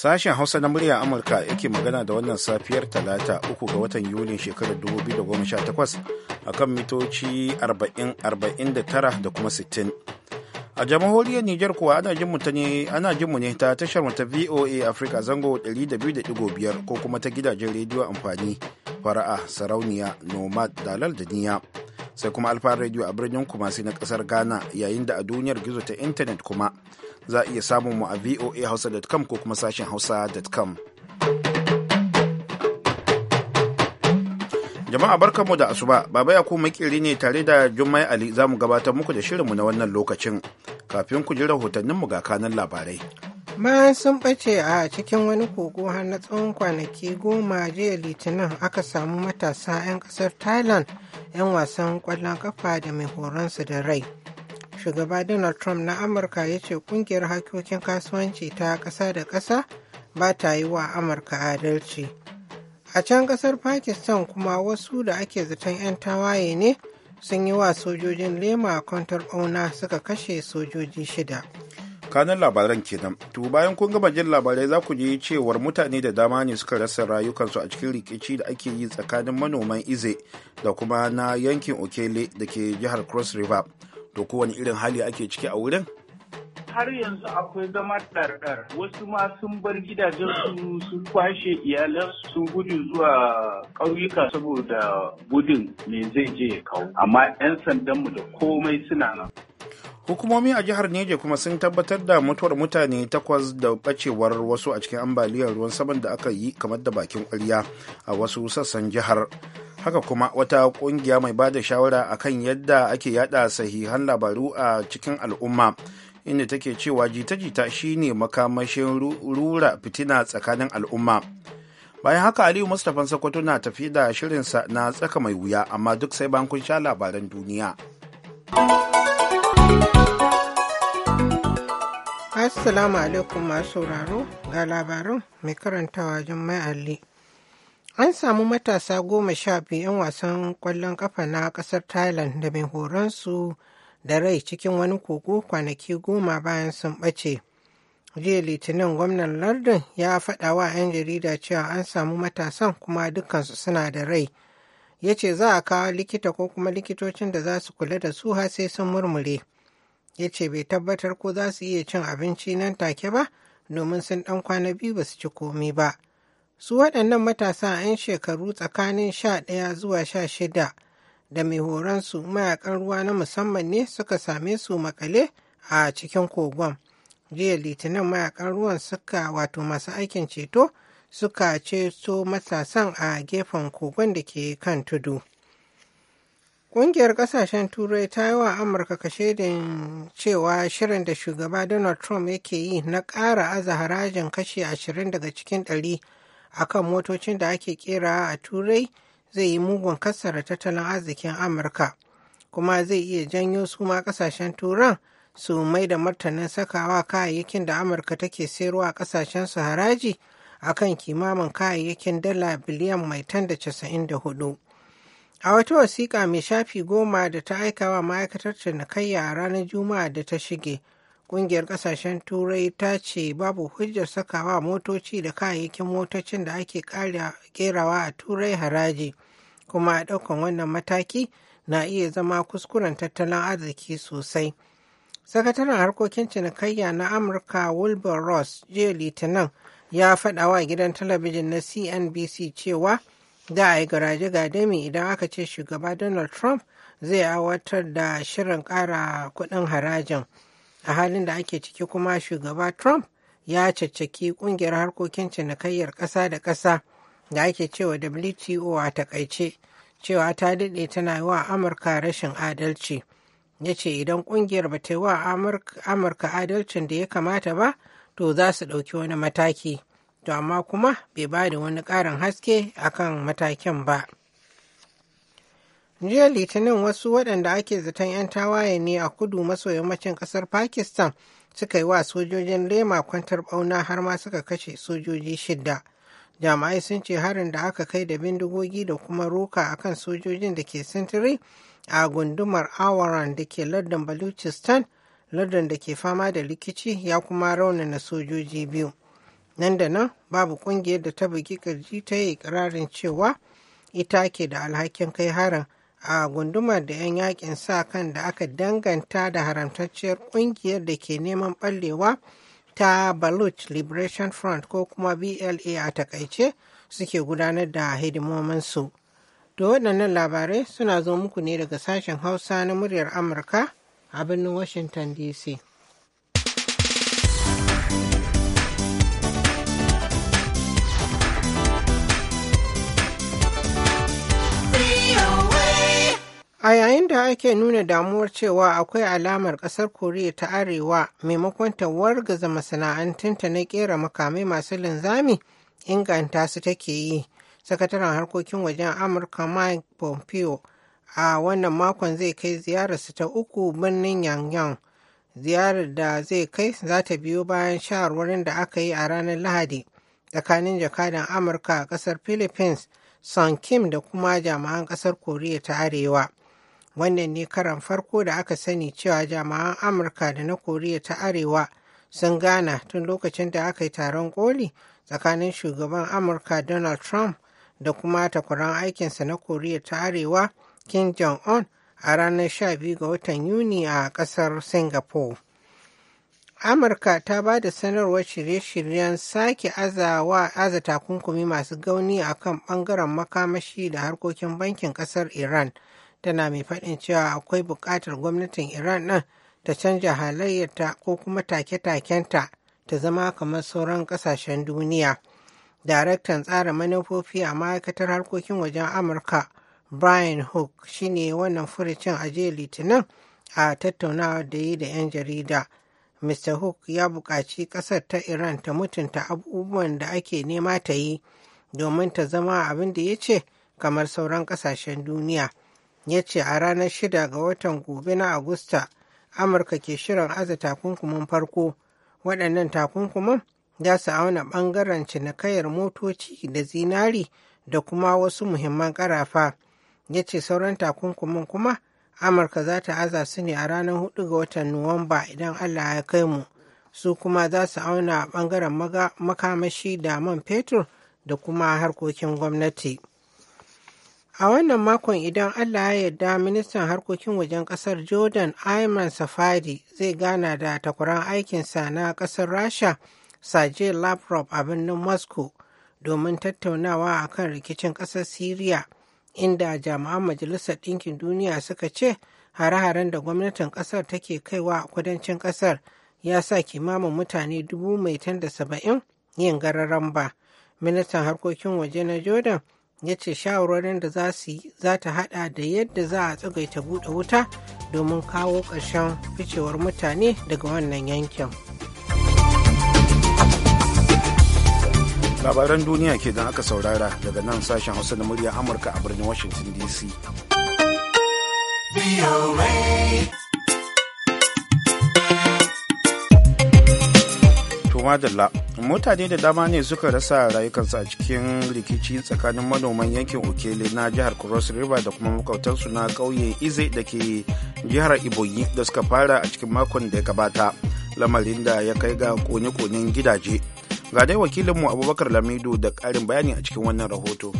Sashen Hausa na murya Amurka yake magana da wannan safiyar Talata uku ga watan Yulin shekarar 2018 a kan mitoci 40-49 da kuma 60. A jamhuriyar Nijar kuwa ana jin ne ana jin mu ne ta tashar mu ta VOA Africa zango 200.5 ko kuma ta gidajen rediyo amfani fara'a sarauniya nomad dalal da niya sai kuma alfa radio a birnin kumasi na kasar Ghana yayin da a duniyar gizo ta intanet kuma za a iya samun mu a voahausa.com ko kuma sashen hausa.com. Jama'a barkanmu da asuba, Baba ya kuma makiri ne tare da Jummai Ali za mu gabatar muku da shirinmu na wannan lokacin. Kafin ku ji mu ga kanan labarai. Bayan sun bace a cikin wani kogo har na tsawon kwanaki goma jiya litinin aka samu matasa 'yan kasar Thailand 'yan wasan kwallon kafa da mai horonsu da rai. shugaba donald trump na amurka ya ce kungiyar harkokin kasuwanci ta ƙasa da ƙasa ba ta yi wa amurka adalci a can ƙasar pakistan kuma wasu da ake zaton 'yan tawaye ne sun yi wa sojojin lema kwantar ona suka kashe sojoji shida kanun labaran kenan to bayan kun gama jin labarai za ku ji cewar mutane da dama ne suka rasa rayukansu a cikin rikici da ake yi tsakanin manoman ize da kuma na yankin okele da ke jihar cross river to kowane irin hali ake ciki a wurin har yanzu akwai zama ɗarɗar wasu ma sun bar gidajen su sun kwashe iyalan sun gudu zuwa ƙauyuka saboda gudun me zai je ya kawo amma 'yan sandanmu da komai suna nan hukumomi a jihar neja kuma sun tabbatar da mutuwar mutane takwas da bacewar wasu a cikin ambaliyar ruwan saman da aka yi kamar da bakin kwarya a wasu sassan jihar haka kuma wata kungiya mai ba da shawara a kan yadda ake yada sahihan labaru a cikin al'umma inda take cewa jita-jita shine makamashin rura fitina tsakanin al'umma bayan haka aliyu mustapha sokoto na tafi da shirinsa na tsaka mai wuya amma duk sai bayan kun sha labaran duniya assalamu alaikum masu sauraro ga labarin mai karantawa jummai mai An samu matasa goma sha biyu 'yan wasan kwallon ƙafa na ƙasar Thailand da mai horonsu da rai cikin wani kogo kwanaki goma bayan sun bace Jiya Litinin gwamnan lardin ya faɗa wa 'yan jarida cewa an samu matasan kuma dukansu suna da rai. Ya ce za a kawo likita ko kuma likitocin da za su kula da su har sai sun murmure. Ya ce bai tabbatar ko za su iya cin abinci nan take ba domin sun ɗan kwana biyu ba su ci komi ba. Su waɗannan matasa 'yan shekaru tsakanin sha ɗaya zuwa sha shida da mai horonsu mayakan ruwa na musamman ne suka same su makale a cikin kogon. Jiya litinin mayakan ruwan suka wato masu aikin ceto suka ceto matasan a gefen kogon da ke kan tudu. Ƙungiyar ƙasashen Turai ta yi wa Amurka kashedin cewa shirin da shugaba Donald Trump yake yi na ƙara aza harajin kashe ashirin daga cikin ɗari akan motocin da ake kera a turai zai yi mugun kasara tattalin arzikin amurka kuma zai iya janyo su ma kasashen turan su mai da martanin sakawa kayayyakin da amurka take sayarwa a kasashen su haraji akan kimamin kayayyakin dala biliyan mai tan da casa'in da hudu a wata wasiƙa mai shafi goma da ta aika wa ma'aikatar cinikayya a ranar juma'a da ta shige Ƙungiyar ƙasashen Turai ta ce babu hujjar sakawa motoci da kayayyakin motocin da ake kerawa a Turai haraji, kuma a ɗaukan wannan mataki na iya zama kuskuren tattalin arziki sosai. Sakataren harkokin cinikayya na Amurka Wilbur Ross jiya Litinin ya faɗa wa gidan talabijin na CNBC cewa da a yi garaje gadami idan aka ce shugaba Donald Trump zai awatar da shirin ƙara kuɗin harajin. a halin da ake ciki kuma shugaba trump ya caccaki kungiyar harkokin cinikayyar kasa da kasa da ake cewa wto a takaice cewa ta daɗe tana yi wa amurka rashin adalci ya ce idan kungiyar ba ta yi wa amurka adalcin da ya kamata ba to za su ɗauki wani mataki to amma kuma bai ba da wani ƙarin haske akan matakin ba. jiya litinin wasu waɗanda ake zaton 'yan tawaye ne a kudu maso yammacin ƙasar pakistan suka yi wa sojojin lema kwantar ɓauna har ma suka kashe sojoji shidda jama'ai sun ce harin da aka kai da bindigogi da kuma roka a kan sojojin da ke sintiri a gundumar awaran da ke lardin baluchistan lardin da ke fama da rikici ya kuma raunana sojoji biyu nan da nan babu ƙungiyar da ta bugi ƙirji ta yi ikirarin cewa ita ke da alhakin kai harin a gundumar da 'yan yakin sa kan da aka danganta da haramtacciyar kungiyar da ke neman ɓallewa ta Baluch Liberation Front ko kuma BLA a takaice suke gudanar da hidimominsu. Da waɗannan labarai suna zo muku ne daga sashen Hausa na muryar Amurka a birnin Washington DC. A yayin da ake nuna damuwar cewa akwai alamar ƙasar Koriya ta Arewa maimakon ta wargaza masana'antunta na kera makamai masu linzami inganta su take yi. Sakataren harkokin wajen Amurka Mike Pompeo a wannan makon zai kai ziyararsa ta uku birnin Yangyang. Ziyarar da zai kai za ta biyo bayan shawarwarin da aka yi a ranar Lahadi tsakanin jakadan Amurka a ƙasar Philippines, Son Kim da kuma jami'an ƙasar Koriya ta Arewa. wannan ne karan farko da aka sani cewa jama'an amurka da na koriya ta arewa sun gana tun lokacin da aka yi taron koli tsakanin shugaban amurka donald trump da kuma takwaran aikinsa na koriya ta arewa kim jong-un a ranar 12 ga watan yuni a kasar singapore amurka ta ba da sanarwar shirye-shiryen sake azawa aza takunkumi masu gauni a kan bangaren makamashi da harkokin bankin kasar iran tana mai faɗin cewa akwai buƙatar gwamnatin iran ɗin ta canja halayyarta ko kuma take-takenta ta zama kamar sauran ƙasashen duniya daraktan tsara manufofi a ma'aikatar harkokin wajen amurka brian hook shine wannan furicin a jiya litinin a tattaunawa da yi da 'yan jarida mr hook ya buƙaci ƙasar ta iran ta mutunta abubuwan da ake nema ta yi domin ta zama abin da ya ce kamar sauran ƙasashen duniya ya ce a ranar shida ga watan gobe na agusta amurka ke shirin aza takunkumin farko waɗannan takunkumin za su auna ɓangaren cinikayar motoci da zinari da kuma wasu muhimman ƙarafa ya ce sauran takunkumin kuma amurka za ta aza su ne a ranar huɗu ga watan nuwamba idan allah ya kai mu su kuma za su auna ɓangaren makamashi da man fetur da kuma harkokin gwamnati. A wannan makon idan Allah ya yarda ministan harkokin wajen kasar Jordan Ayman Safadi zai gana da takwaran aikinsa na ƙasar Rasha Sergei Lavrov a birnin Moscow domin tattaunawa a kan rikicin ƙasar Siriya inda jami'an Majalisar Ɗinkin Duniya suka ce hare-haren da gwamnatin kasar take kaiwa a kudancin ƙasar, ya sa kimamin mutane dubu mai yin gararan ba. Ministan harkokin waje na Jordan ya ce shawarwarin da za su za ta hada da yadda za a tsagaita buɗe wuta domin kawo ƙarshen ficewar mutane daga wannan yankin labaran duniya ke don aka saurara daga nan sashen hausa na murya amurka a birnin washington dc kuma madalla mutane da dama ne suka rasa rayukansu a cikin rikici tsakanin manoman yankin okele na jihar cross river da kuma makautansu na ƙauye ize da ke jihar iboyi da suka fara a cikin makon da ya gabata lamarin da ya kai ga kone-konen gidaje ga dai wakilinmu abubakar lamido da ƙarin bayani a cikin wannan rahoto.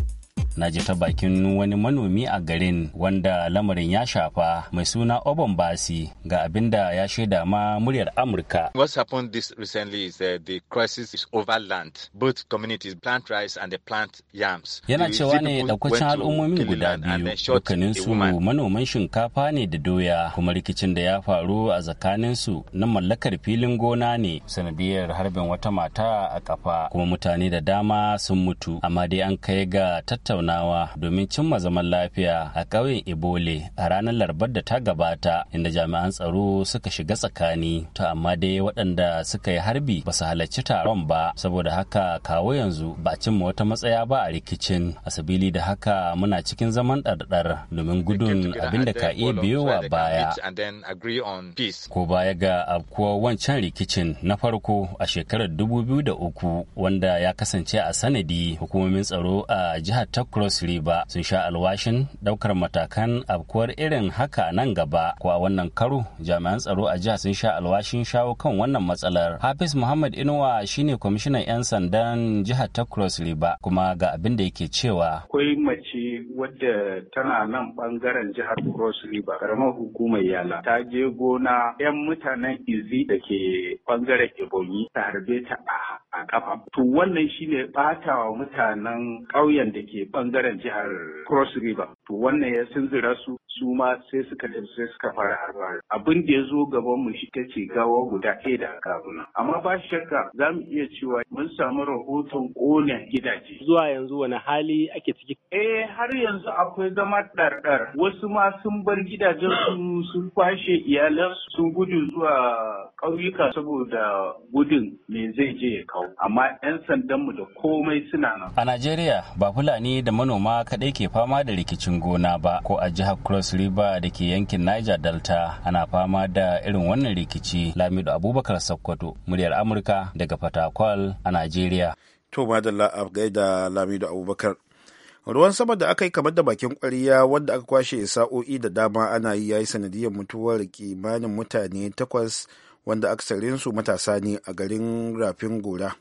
na ji ta bakin wani manomi a garin wanda lamarin ya shafa mai suna Obon Basi ga abin da ya shaida ma muryar Amurka. What's happened this recently is that the crisis is over land, both communities plant rice and they plant yams. Yana cewa ne daukacin al'ummomin guda biyu dukkanin su manoman shinkafa ne da doya kuma rikicin da ya faru a tsakanin su na mallakar filin gona ne sanadiyar harbin wata mata a kafa kuma mutane da dama sun mutu amma dai an kai ga tattauna tattaunawa domin cimma zaman lafiya a ƙauyen Ebole a ranar Larabar da ta gabata inda jami'an tsaro suka shiga tsakani to amma dai waɗanda suka yi harbi ba su halarci taron ba saboda haka kawo yanzu ba cimma wata matsaya ba a rikicin asabili da haka muna cikin zaman ɗarɗar domin gudun abin da ka iya biyowa baya ko baya ga afkuwar wancan rikicin na farko a shekarar 2003 wanda ya kasance a sanadi hukumomin tsaro a jihar ta cross river sun sha alwashin daukar matakan afkuwar irin haka nan gaba ko a wannan karo jami'an tsaro a jiha sun sha alwashin shawo kan wannan matsalar hafiz muhammad inuwa shine kwamishinan 'yan sandan jihar ta cross river kuma ga abin da yake cewa akwai mace wadda tana nan bangaren jihar cross river karamar hukumar yala ta je gona 'yan mutanen izi da ke bangaren ebonyi ta harbe ta a kafa to wannan shine bata wa mutanen ƙauyen da ke ɓangaren jihar Cross River. To wannan ya sun su su ma sai suka sai suka fara harba abin da ya zo gaban mu shi ta ce gawa guda ɗaya da kafuna amma ba shakka za mu iya cewa mun samu rahoton ƙona gidaje zuwa yanzu wani hali ake ciki eh har yanzu akwai zama ɗarɗar wasu ma sun bar gidajen su sun kwashe iyalan sun gudu zuwa ƙauyuka saboda gudun me zai je ya kawo amma 'yan mu da komai suna nan a najeriya ba fulani da manoma kaɗai ke fama da rikicin gona ba ko a jihar cross river da ke yankin niger delta ana fama da irin wannan rikici lamido abubakar sokoto muryar amurka daga fatakwal a najeriya to madalla a gaida lamido abubakar ruwan sama da aka yi kamar da bakin kwariya wanda aka kwashe sa'o'i da dama ana yi yayi sanadiyar mutuwar kimanin mutane takwas wanda su matasa ne a garin rafin gora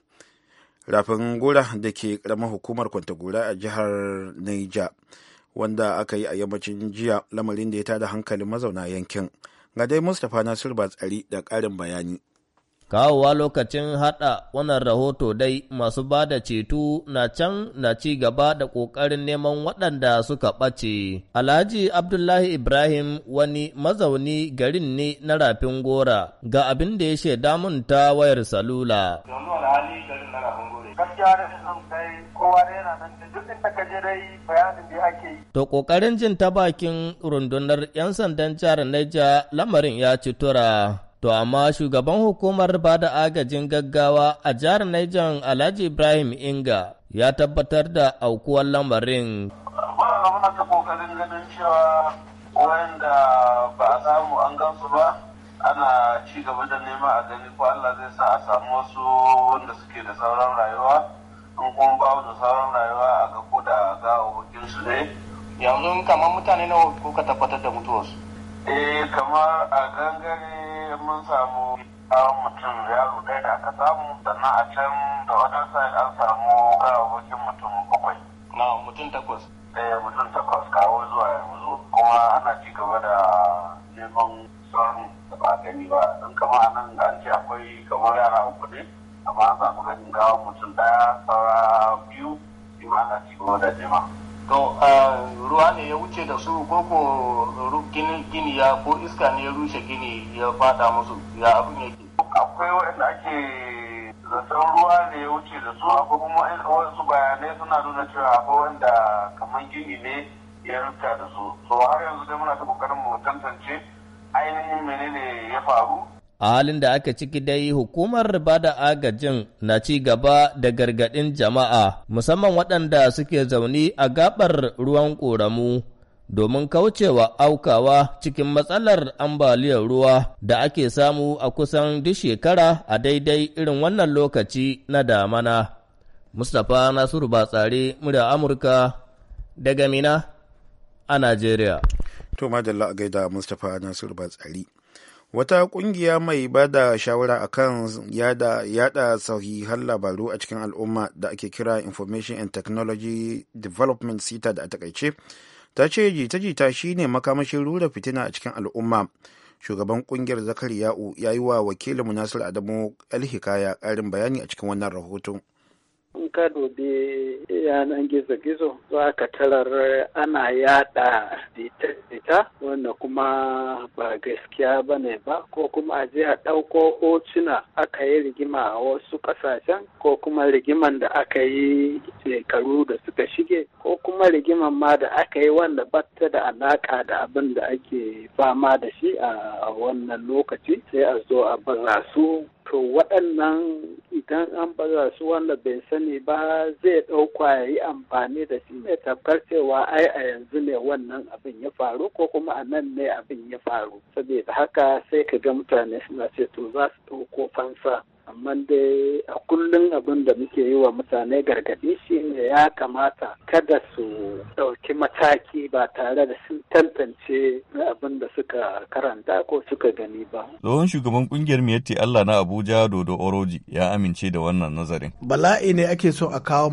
rafin gora da ke karamar hukumar gora a jihar niger wanda aka yi a yammacin jiya lamarin da ya tada hankalin mazauna yankin ga dai mustapha nasiru batsari da ƙarin bayani Kawowa lokacin haɗa wannan rahoto dai masu ba da ceto na can na ci gaba da ƙoƙarin neman waɗanda suka ɓace. Alhaji Abdullahi Ibrahim wani mazauni garin ne na rafin gora ga abin da ya shaida mun ta wayar salula. Gaskiya da kai kowa da yana nan duk inda ka bayanin da ake yi. To ƙoƙarin jin ta bakin rundunar 'yan sandan jihar Niger lamarin ya ci tura. To amma shugaban hukumar ba da agajin gaggawa a jihar Niger Alhaji Ibrahim Inga ya tabbatar da aukuwar lamarin. Ba ta kokarin ganin cewa wanda ba a samu an gansu ba ana ci gaba da nema a gani ko Allah zai sa a samu wasu wanda suke da sauran rayuwa in kuma ba da sauran rayuwa a ga ko da ga su ne. Yanzu kamar mutane nawa kuka tabbatar da mutuwarsu? Eh kamar a gangare Idan mun samu tsawon mutum yaro ɗaya da aka samu sannan a can da wata sai an samu gawawakin mutum bakwai. Na mutum takwas. Ɗaya eh, mutum takwas kawo zuwa yanzu kuma ana ci gaba da neman sauran da ba gani ba don kama a nan an ce akwai kamar yara uku ne amma an samu ganin gawa mutum ɗaya saura biyu shi ma ci gaba da neman. ruwa ne ya wuce da su ko ko gini ya ko iska ne ya rushe gini ya fada musu ya abin yake akwai wanda ake zaton ruwa ne ya wuce da su akwai kuma wasu bayanai suna nuna cewa akwai wanda kamar gini ne ya rufta da su so har yanzu dai muna ta kokarin mu tantance ainihin menene ya faru A halin da aka ciki dai hukumar ba da agajin na ci gaba da gargaɗin jama'a musamman waɗanda suke zaune a gabar ruwan ƙoramu domin kaucewa aukawa cikin matsalar ambaliyar ruwa da ake samu a kusan duk shekara a daidai irin wannan lokaci na damana. Mustapha Nasiru Batsari, murya Amurka daga Mina a Najeriya. To, Madalla a gaida Mustapha Nasiru Batsari. wata kungiya mai ba da shawara akan yada, yada sahihan labaru a cikin al'umma da ake kira information and technology development cita da a takaice ta ce jita-jita shi ne makamashin rura fitina a cikin al'umma shugaban kungiyar zakari ya'u ya yi wa wakilin nasiru adamu alhikaya karin bayani a cikin wannan rahoton in ka dobe yanan gizo-gizo za ka tarar ana yada rubuta wanda kuma ba gaskiya ba ne ba ko kuma a je a ɗauko hotuna aka yi rigima a wasu ƙasashen ko kuma rigiman da aka yi shekaru da suka shige ko kuma rigiman ma da aka yi wanda batta da alaƙa da abin da ake fama da shi a wannan lokaci sai a zo a barasu su to waɗannan idan an baza su wanda bai sani ba zai ɗauka ya yi amfani da shi mai tabbar cewa ai a yanzu ne wannan abin ya faru ko kuma a nan ne abin ya faru saboda haka sai ka ga mutane suna ce to za su ɗauko fansa amma dai a kullum abin da muke yi wa mutane gargaɗi ne ya kamata kada su ɗauki mataki ba tare da sun tantance abin da suka karanta ko suka gani ba. Tsohon shugaban kungiyar Miyatti Allah na Abuja Dodo Oroji ya amince da wannan nazarin. Bala'i ne ake so a kawo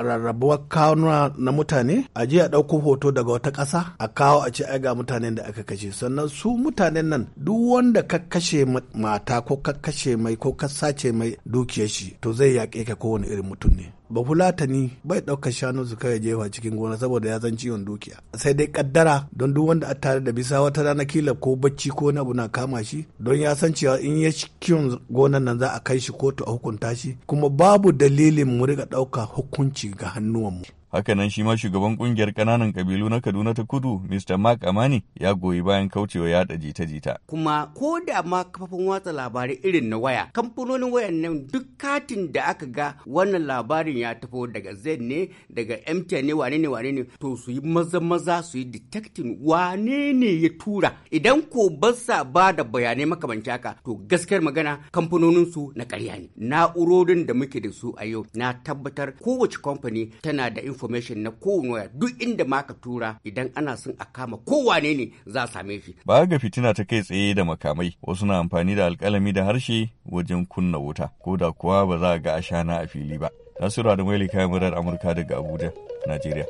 rarrabuwar kawuna na mutane a je a ɗauko hoto daga wata ƙasa a kawo a ce ai ga mutanen da aka kashe sannan su mutanen nan duk wanda ka kashe mata ko ka kashe mai ko ka sace ce mai dukiyar shi to zai yaƙe ka kowane irin mutum ne bafulatani bai ɗaukar shanu su kai jefa cikin gona saboda ya san ciwon dukiya sai dai kaddara don duk wanda a tare da bisa wata rana kila ko bacci ko na abu na kama shi don ya san cewa in ya kiwon gonan nan za a kai shi kotu a hukunta shi kuma babu dalilin mu riga ɗauka hukunci ga hannuwan mu. Hakanan shi ma shugaban kungiyar ƙananan kabilu na Kaduna ta Kudu, Mr. Mark Amani, ya goyi bayan kaucewa yaɗa jita-jita. Kuma ko da ma kafafen watsa labarai irin na waya, kamfanonin wayan nan duk katin da aka ga wannan labarin ya tafi daga Zen ne, daga MTN ne, wane ne, wane ne, to su yi maza-maza su yi detecting wane ne ya tura. Idan ko basa ba da bayanai makamanci haka, to gaskiyar magana kamfanonin su na ƙarya ne. Na'urorin da muke da su a yau na tabbatar kowace kamfani tana da info. information na kowane duk inda ma ka tura idan ana son a kama kowane ne za a same shi. Ba ga fitina ta kai tsaye da makamai wasu na amfani da alkalami da harshe wajen kunna wuta ko da kuwa ba za a ga ashana a fili ba. Nasiru Adamali kayan murar Amurka daga Abuja, Najeriya.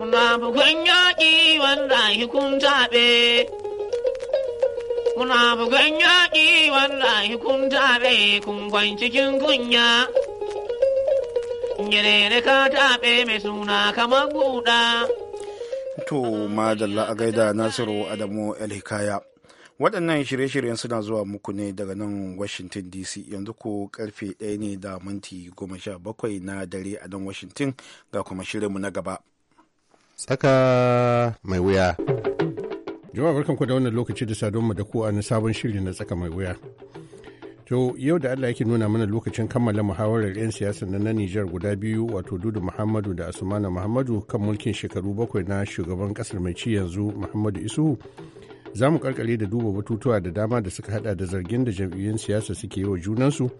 Muna bugun yaƙi wanda kun taɓe. Muna bugun yaƙi wanda kun taɓe kun cikin kunya. Nyerere ka taɓe mai suna kamar guda. To, madalla a gaida Nasiru Adamu El Hikaya. Waɗannan shirye-shiryen suna zuwa muku ne daga nan Washington DC yanzu ko karfe ɗaya ne da minti goma sha bakwai na dare a nan Washington ga kuma shirinmu na gaba. Tsaka mai wuya. Jama'a barkanku da wannan lokaci da sadonmu da ku a sabon shiri na tsaka mai wuya. To yau da Allah yake nuna mana lokacin kammala muhawarar 'yan siyasa na Nijar guda biyu wato Dudu Muhammadu da Asumana Muhammadu kan mulkin shekaru bakwai na shugaban kasar mai ci yanzu Muhammadu isu Za mu karkare da duba batutuwa da dama da suka hada da zargin da jam'iyyun siyasa suke yi wa junansu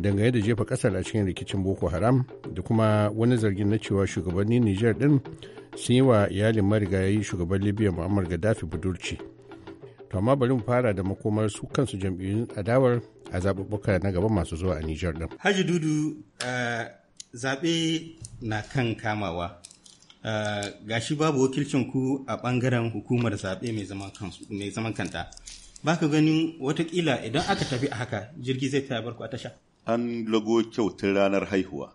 dangane da jefa kasar a cikin rikicin Boko Haram da kuma wani zargin na cewa shugabannin Nijar din sun yi wa iyalin marigayi shugaban Libya Muammar Gaddafi budurci. To amma bari mu fara da makomar su kansu jam'iyyun adawar a zaɓuɓɓuka na gaba masu zuwa a Nijar ɗin. Haji Dudu eh, zaɓe na kan kamawa. Eh, gashi babu wakilcin ku a ɓangaren hukumar zaɓe mai zaman kanta. Ba ka ganin watakila idan aka tafi a haka jirgi zai ta bar ku a tasha. An lago kyautar ranar haihuwa.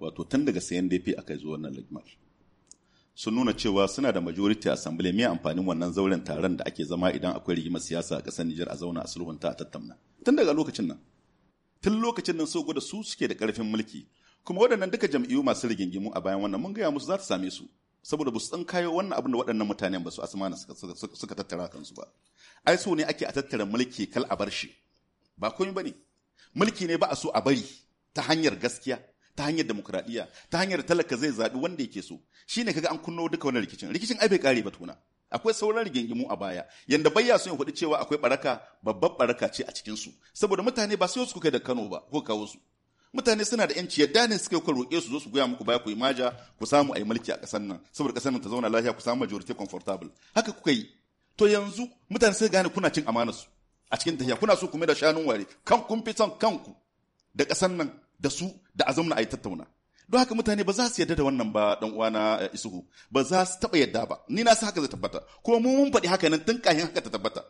Wato tun daga sayan dafi aka zuwa wannan lagmar. sun nuna cewa suna da majority assembly mai amfanin wannan zauren taron da ake zama idan akwai rigimar siyasa a ƙasar Nijar a zauna a sulhunta a tattauna tun daga lokacin nan tun lokacin nan so gwada su suke da ƙarfin mulki kuma waɗannan duka jam'iyyu masu rigingimu a bayan wannan mun gaya musu za ta same su saboda ba su tsan kayo wannan abin da waɗannan mutanen ba su asmana suka tattara kansu ba ai so ne ake a tattara mulki kal a bar shi ba komai bane mulki ne ba a so a bari ta hanyar gaskiya ta hanyar demokradiyya ta hanyar talaka zai zaɓi wanda yake so shi ne kaga an kunno duka wani rikicin rikicin ai bai kare ba tuna akwai sauran rigingimu a baya yanda bayya sun yi cewa akwai baraka babbar baraka ce a cikin su saboda mutane ba sai su kai da Kano ba ko kawo su mutane suna da yanci yadda ne suka ku roƙe su zo su goya muku baya ku yi maja ku samu a yi mulki a ƙasar nan saboda ƙasar nan ta zauna lafiya ku samu majority comfortable haka kuka yi to yanzu mutane sai gane kuna cin amanar su a cikin tafiya kuna so ku mai da shanun ware kan kun fi son kanku da ƙasar nan da su da a zauna a yi tattauna don haka mutane ba za su yarda da wannan ba dan uwana eh, isuhu ba za su taba yarda ba ni na san haka zai tabbata ko mu mun faɗi haka nan tun kayan haka ta tabbata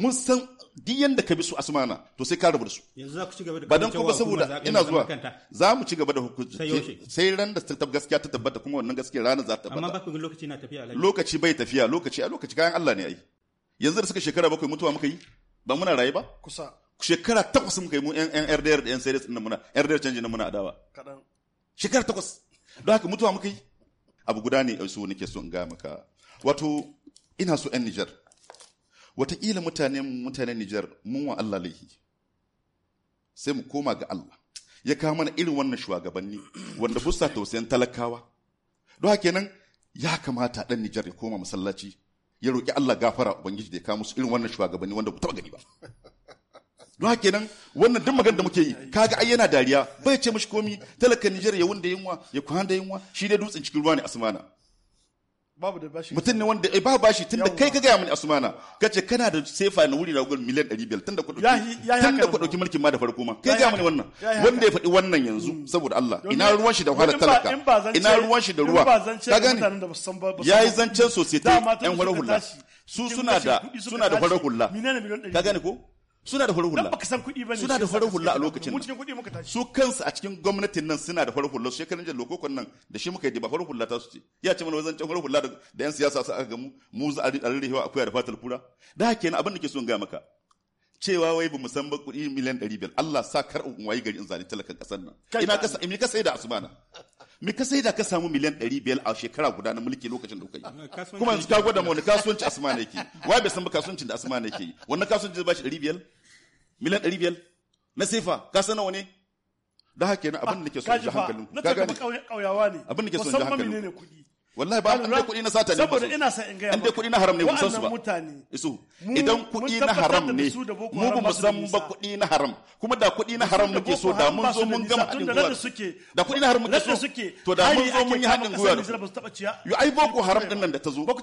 mun san duk yanda ka bi su asmana to sai ka rabu da su yanzu za ku ci gaba da ba dan kuma saboda ina zuwa za mu ci gaba da hukunci sai ran da ta gaskiya ta tabbata kuma wannan gaskiya ranar za ta tabbata amma ba ku lokaci na tafiya lokaci bai tafiya lokaci a lokaci kayan Allah ne ai yanzu da suka shekara bakwai mutuwa muka yi ba muna raye ba kusa shekara takwas muka yi mu yan RDR da yan CDS din muna RDR canji na muna adawa shekara takwas don haka mutuwa muka yi abu guda ne su nake so in ga maka wato ina so yan Niger wataƙila mutane mutane Niger mun wa Allah laihi sai mu koma ga Allah ya kawo mana irin wannan shugabanni wanda busa tausayin talakawa don haka kenan ya kamata dan Niger ya koma masallaci ya roƙi Allah gafara ubangiji da ya kawo musu irin wannan shugabanni wanda ku taɓa gani ba don haka kenan wannan duk magana da muke yi kaga ai yana dariya bai ce mishi komi talaka Niger ya wanda yunwa ya kwanda yunwa shi dai dutsen cikin ruwa ne asmana babu da bashi mutum ne wanda ai eh, babu bashi tunda kai ka gaya mini asmana kace kana da sefa na wuri na gugun miliyan 500 tunda ku dauki tunda ku dauki mulkin ma da farko ma kai gaya mini wannan wanda ya faɗi wannan yanzu hmm. saboda Allah ina ruwan shi da wahala talaka ina ruwan shi da ruwa ka gani yayi zancen ta yan wara su suna da suna da wara ka gani ko suna da farar hula baka san kuɗi bane suna da farar hula a lokacin mu cikin kuɗi muka tashi su kansu a cikin gwamnatin nan suna da farar hula shekarun jan lokokon nan da shi muka yi ba farar hula ta su ce ya ce mana wajen can farar hula da yan siyasa su aka ga mu mu za a rihewa akuya da fatar fura da haka yana abin da ke son ga maka cewa wai ba san ba kuɗi miliyan ɗari biyar Allah sa kar in wayi gari in zalunci talakan ƙasar nan ina kasa in ka sai da asubana me ka sai da ka samu miliyan 500 a shekara guda na mulki lokacin da kai kuma yanzu ka gwada wani kasuwanci asma ne ke wai bai san ba kasuwancin da asma ne ke wannan kasuwanci zai bashi 500 miliyan 500 na sefa ka san nawa ne da haka yana abin da nake so in ji ka gane abin da nake so in ji wallahi ba an dai kuɗi na satani ne saboda ina sa in ga an dai kuɗi na haram ne mun san su ba mutane isu idan kudi na haram ne mu ba mu san ba kuɗi na haram kuma da kudi na haram muke so da mun zo mun gama haɗin gwiwa da kudi na haram muke so to da mun zo mun yi haɗin gwiwa yo ai boko haram din nan da ta zo babu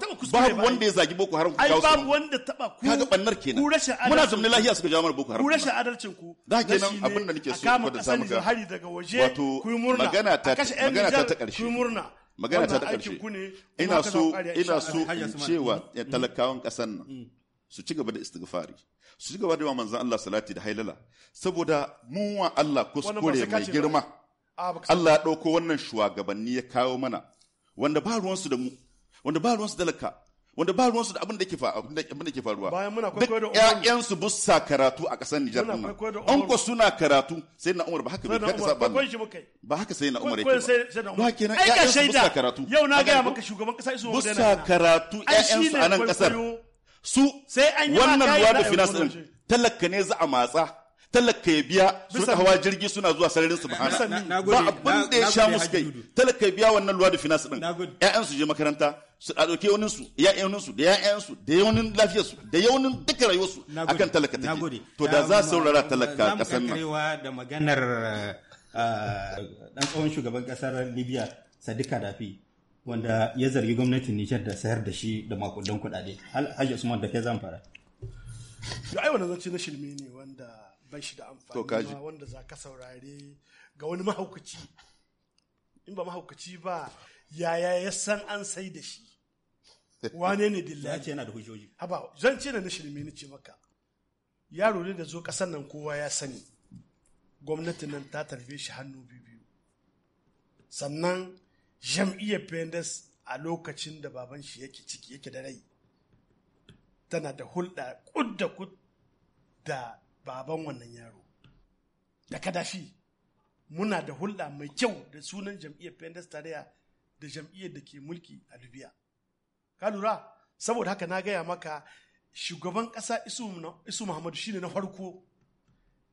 wanda ya zagi boko haram ku kawo su babu wanda taba ku kaga bannar kenan muna zamanin lahiya suka jawo mana boko haram ku rashin adalcin ku da kenan abin da nake so ku da samu ga wato magana ta magana ta karshe. ku murna magana ta da ƙarshe ina so ina so in cewa talakawan ƙasar nan su ci gaba da istighfari su ci gaba da yawan manzan Allah salati da hailala saboda mu wa Allah kuskure mai girma Allah ya ɗauko wannan shugabanni ya kawo mana wanda ba ruwansu da mu wanda ba ruwansu dalaka wanda ba ruwansu da abin da ke abin da ke faruwa bayan muna kwaikwayo da Umar ƴaƴansu ba sa karatu a ƙasar Nijar din an ko suna karatu sai na Umar ba haka bai kaka saba ba haka sai na Umar yake ba ba kenan ƴaƴansu ba sa karatu yau na ga maka shugaban ƙasa isu ba Busa karatu ƴaƴansu a nan ƙasar su wannan ruwa da finance din talaka ne za a matsa talaka ya biya suna hawa jirgi suna zuwa sararin su bahana ba abin da ya sha musu kai talaka ya biya wannan luwa da finance din ƴaƴan su je makaranta su a ɗauki yaunin su ya yaunin su da ya'yan su da yaunin lafiyar su da yaunin duka rayuwar su akan talaka take to da za su saurara talaka kasar nan da maganar dan eh, tsawon shugaban kasar Libya Sadiq Gaddafi wanda ya zargi gwamnatin Nijar da sayar da shi da makudan kuɗaɗe Hajji Usman da ke zan fara ai wannan zance na shirme ne wanda bai shi da amfani wanda za ka saurare ga wani mahaukaci in ba mahaukaci ba yaya ya san an sai da shi wane ne ya ce yana da hujjoji haba zan ce na na shirme ni ce maka yaro ne da zo kasan nan kowa ya sani gwamnati nan ta tarbe shi hannu biyu sannan jam'iyyar pendes a lokacin da baban shi yake ciki yake da rai tana da hulɗa kudda da kud baban wannan yaro da kadafi muna da hulɗa mai kyau da sunan jam'iyyar pendas tarayya da jam'iyyar da ke mulki a libya ka lura saboda haka na gaya maka shugaban ƙasa isu muhammadu shine na farko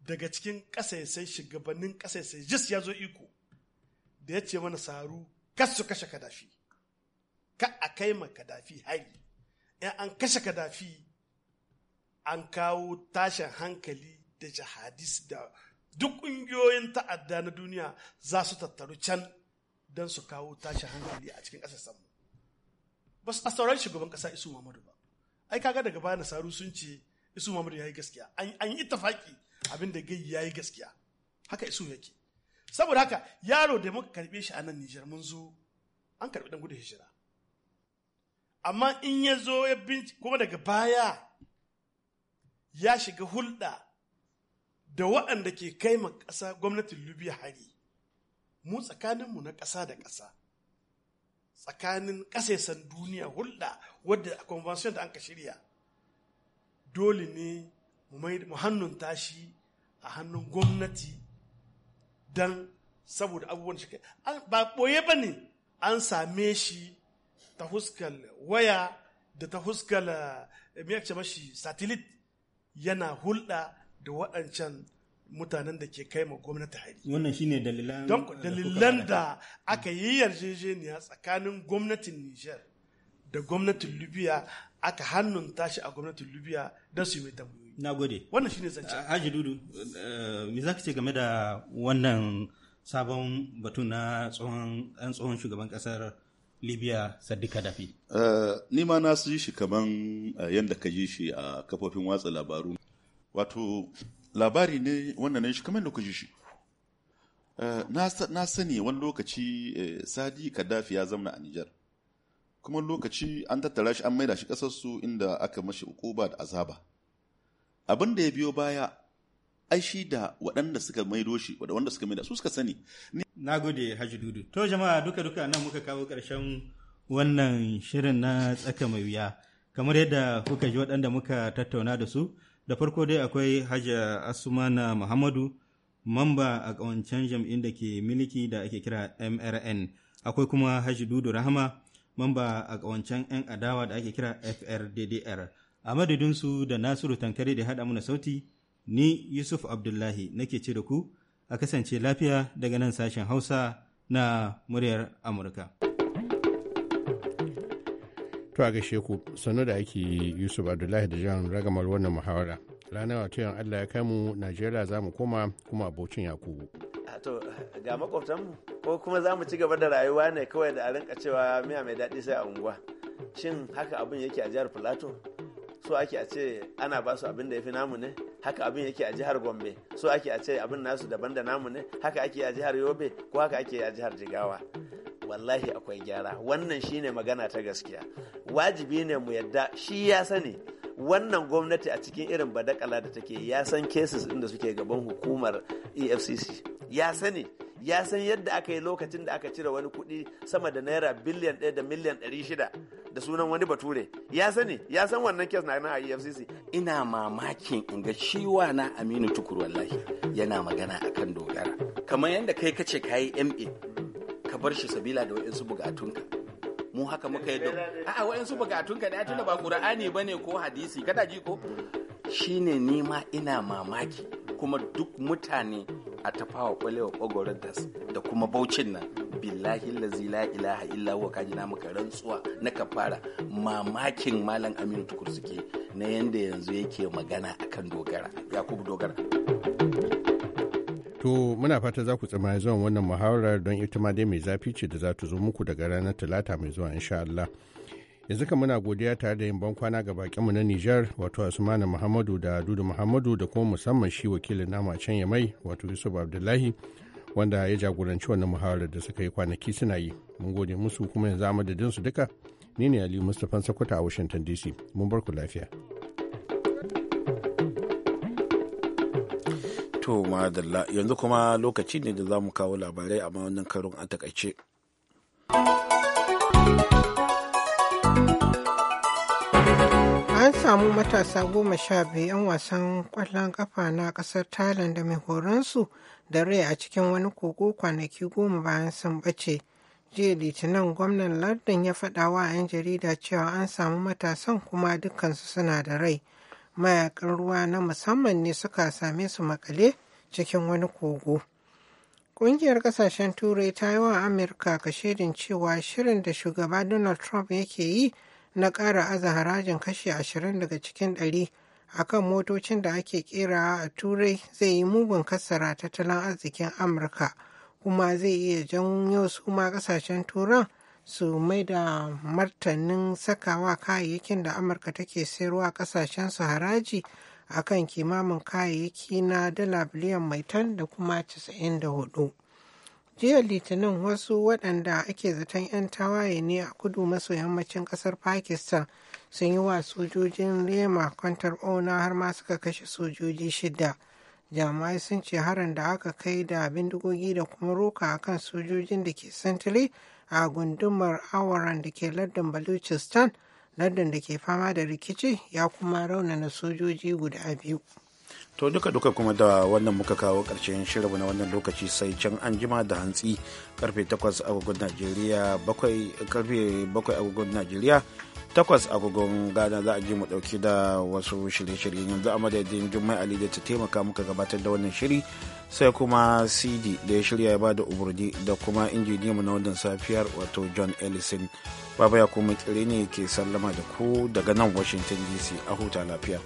daga cikin ƙasaisai shugabannin ƙasaisai jis ya zo iko da ya ce mana saru kasu kashe kadafi ka a kai ma kadafi hari in an kashe kadafi an kawo tashin hankali da jihadis da duk ƙungiyoyin ta'adda na duniya za su tattaru can don su kawo tashin hankali a cikin ƙasar mu ba su saurari shugaban ƙasa isu muhammadu ba ai kaga daga baya nasaru sun ce isu muhammadu ya yi gaskiya an yi tafaki abinda da gai ya yi gaskiya haka isu yake saboda haka yaro da muka karɓe shi a nan nijar mun zo an karɓi dan gudun hijira amma in ya zo ya kuma daga baya ya shiga hulɗa da waɗanda ke kai ma ƙasa gwamnatin libya hari mu tsakaninmu na ƙasa da ƙasa tsakanin ƙasaisan duniya hulɗa wadda a convention da an ka shirya dole ne mu hannun tashi a hannun gwamnati don saboda abubuwan shi ba ɓoye ba ne an same shi ta huskar waya da ta huskar eh, mashi satelit yana hulɗa da waɗancan mutanen da ke kai ma gwamnati hari. Wannan shine dalilan Don dalilan da aka yi yarjejeniya tsakanin gwamnatin Nijar da gwamnatin Libya aka hannun tashi a gwamnatin Libya don su yi mai tambayoyi. Na gode. Wannan shine zance. Haji Dudu, eh, me za ka ce game da wannan sabon batu na tsohon tsohon shugaban kasar Libya Sadiq Gaddafi? Eh, ni ma na su shi kaman eh, yadda ka ji shi a kafofin watsa labaru. wato labari ne wannan shi kamar da shi eh, na sani wani lokaci eh, sadi kaddafi ya zamna a nijar kuma lokaci an tattara shi an maida shi su inda aka mashi ukuba da azaba abin da ya biyo baya ai shi da waɗanda suka maido shi waɗanda suka maida su suka sani na gode haji dudu to jama'a duka duka nan muka kawo ƙarshen wannan shirin na tsaka mai wuya kamar yadda kuka ji waɗanda muka tattauna da su da farko dai akwai hajja asumana muhammadu mamba a kawancan jam'in da ke miliki da ake kira mrn akwai kuma hajji dudu rahama mamba a ƙawancen 'yan adawa da ake kira frddr a madadinsu da nasiru tankare da haɗa muna sauti ni yusuf abdullahi nake ce da ku a kasance lafiya daga nan sashen hausa na muryar amurka. To a gaishe ku sanu da ake Yusuf Abdullahi da Jan ragamar wannan muhawara. Ranar wato yan Allah ya kai mu Najeriya za mu koma kuma abocin Yakubu. To ga makwabtanmu ko kuma za mu ci gaba da rayuwa ne kawai da a rinka cewa miya mai daɗi sai a unguwa. Shin haka abin yake a jihar Filato? So ake a ce ana ba su abin da ya fi namu ne? haka abin yake a jihar gombe so ake a ce abin nasu daban da namu ne haka ake a jihar yobe ko haka ake a jihar jigawa wallahi akwai gyara wannan shine magana ta gaskiya wajibi ne mu yadda shi ya sani wannan gwamnati a cikin irin badakala da take ya san cases inda suke gaban hukumar efcc ya sani ya san yadda aka yi lokacin da aka cire wani kuɗi sama da naira biliyan ɗaya da miliyan ɗari shida da sunan wani bature ya sani ya san wannan kes na a efcc ina mamakin in ga ciwa na aminu tukur wallahi yana magana akan dogara kamar yadda kai kace kayi ma ka bar shi sabila da wa'insu bukatunka mu haka muka yadda a'a wa'insu bukatunka da tunda ba qur'ani bane ko hadisi kada ji ko shine ni ma ina mamaki kuma duk mutane a tafawa kwalewa kwagwarantas da kuma baucin nan billahi lazi la ilaha illa huwa kaji na muka rantsuwa na kafara mamakin malam aminu tukur suke na yanda yanzu yake magana akan dogara yakubu dogara To muna fata za ku tsamaye zuwan wannan muhawarar don ita ma dai mai zafi ce da za ta zo muku daga ranar Talata mai zuwa insha Allah. Yanzu kan muna godiya tare da yin ban kwana ga bakinmu na Nijar wato Asmanu Muhammadu da Dudu Muhammadu da kuma musamman shi wakilin namu a can yamai wato Yusuf Abdullahi wanda ya jagoranci wannan muhawarar da suka yi kwanaki suna yi. Mun gode musu kuma yanzu amadadin su duka. Ni ne Aliyu Mustapha Sokoto a Washington DC. Mun bar ku lafiya. To madalla yanzu kuma lokaci ne da za mu kawo labarai a wannan karon a takaice. An samu matasa goma sha biyu 'yan wasan ƙwallon ƙafa na ƙasar Thailand da mai su da rai a cikin wani kogo kwanaki goma bayan sun bace. Jiya Litinin gwamnan Lardin ya faɗa 'yan jarida cewa an samu matasan kuma dukkansu suna da rai. mayakan ruwa na musamman ne suka same su makale cikin wani kogo. Ƙungiyar ƙasashen Turai ta yi wa Amurka kashedin cewa shirin da shugaba Donald Trump yake yi na ƙara aza harajin kashe ashirin daga cikin ɗari akan motocin da ake ƙera a Turai zai yi mugun kassara tattalin arzikin Amurka kuma zai iya janyo su ma ƙasashen Turan su mai da martanin sakawa kayayyakin da amurka take sayarwa kasashen su haraji a kan kimamin kayayyaki na dala biliyan mai tan da kuma 94 jiya litinin wasu waɗanda ake zaton 'yan tawaye ne a kudu maso yammacin ƙasar pakistan sun yi wa sojojin rema kwantar ona har ma suka kashe sojoji shida jami'ai sun ce harin da aka kai da bindigogi da kuma roka akan sojojin da ke santile a gundumar awaran da ke lardin baluchistan lardin da ke fama da rikici ya kuma rauna na sojoji guda biyu to duka duka kuma da wannan muka kawo karshen shirin na wannan lokaci sai can an jima da hantsi karfe 8 agogon najeriya karfe 7 agogon najeriya takwas agogon gana za a ji mu dauki da wasu shirye-shiryen yanzu a madadin jummai ali da ta taimaka muka gabatar da wannan shiri sai kuma cd da ya shirya ya ba da umarni da kuma mu na wannan safiyar wato john ellison baba ya kuma kire ne ke sallama da ku daga nan washington dc a huta lafiya.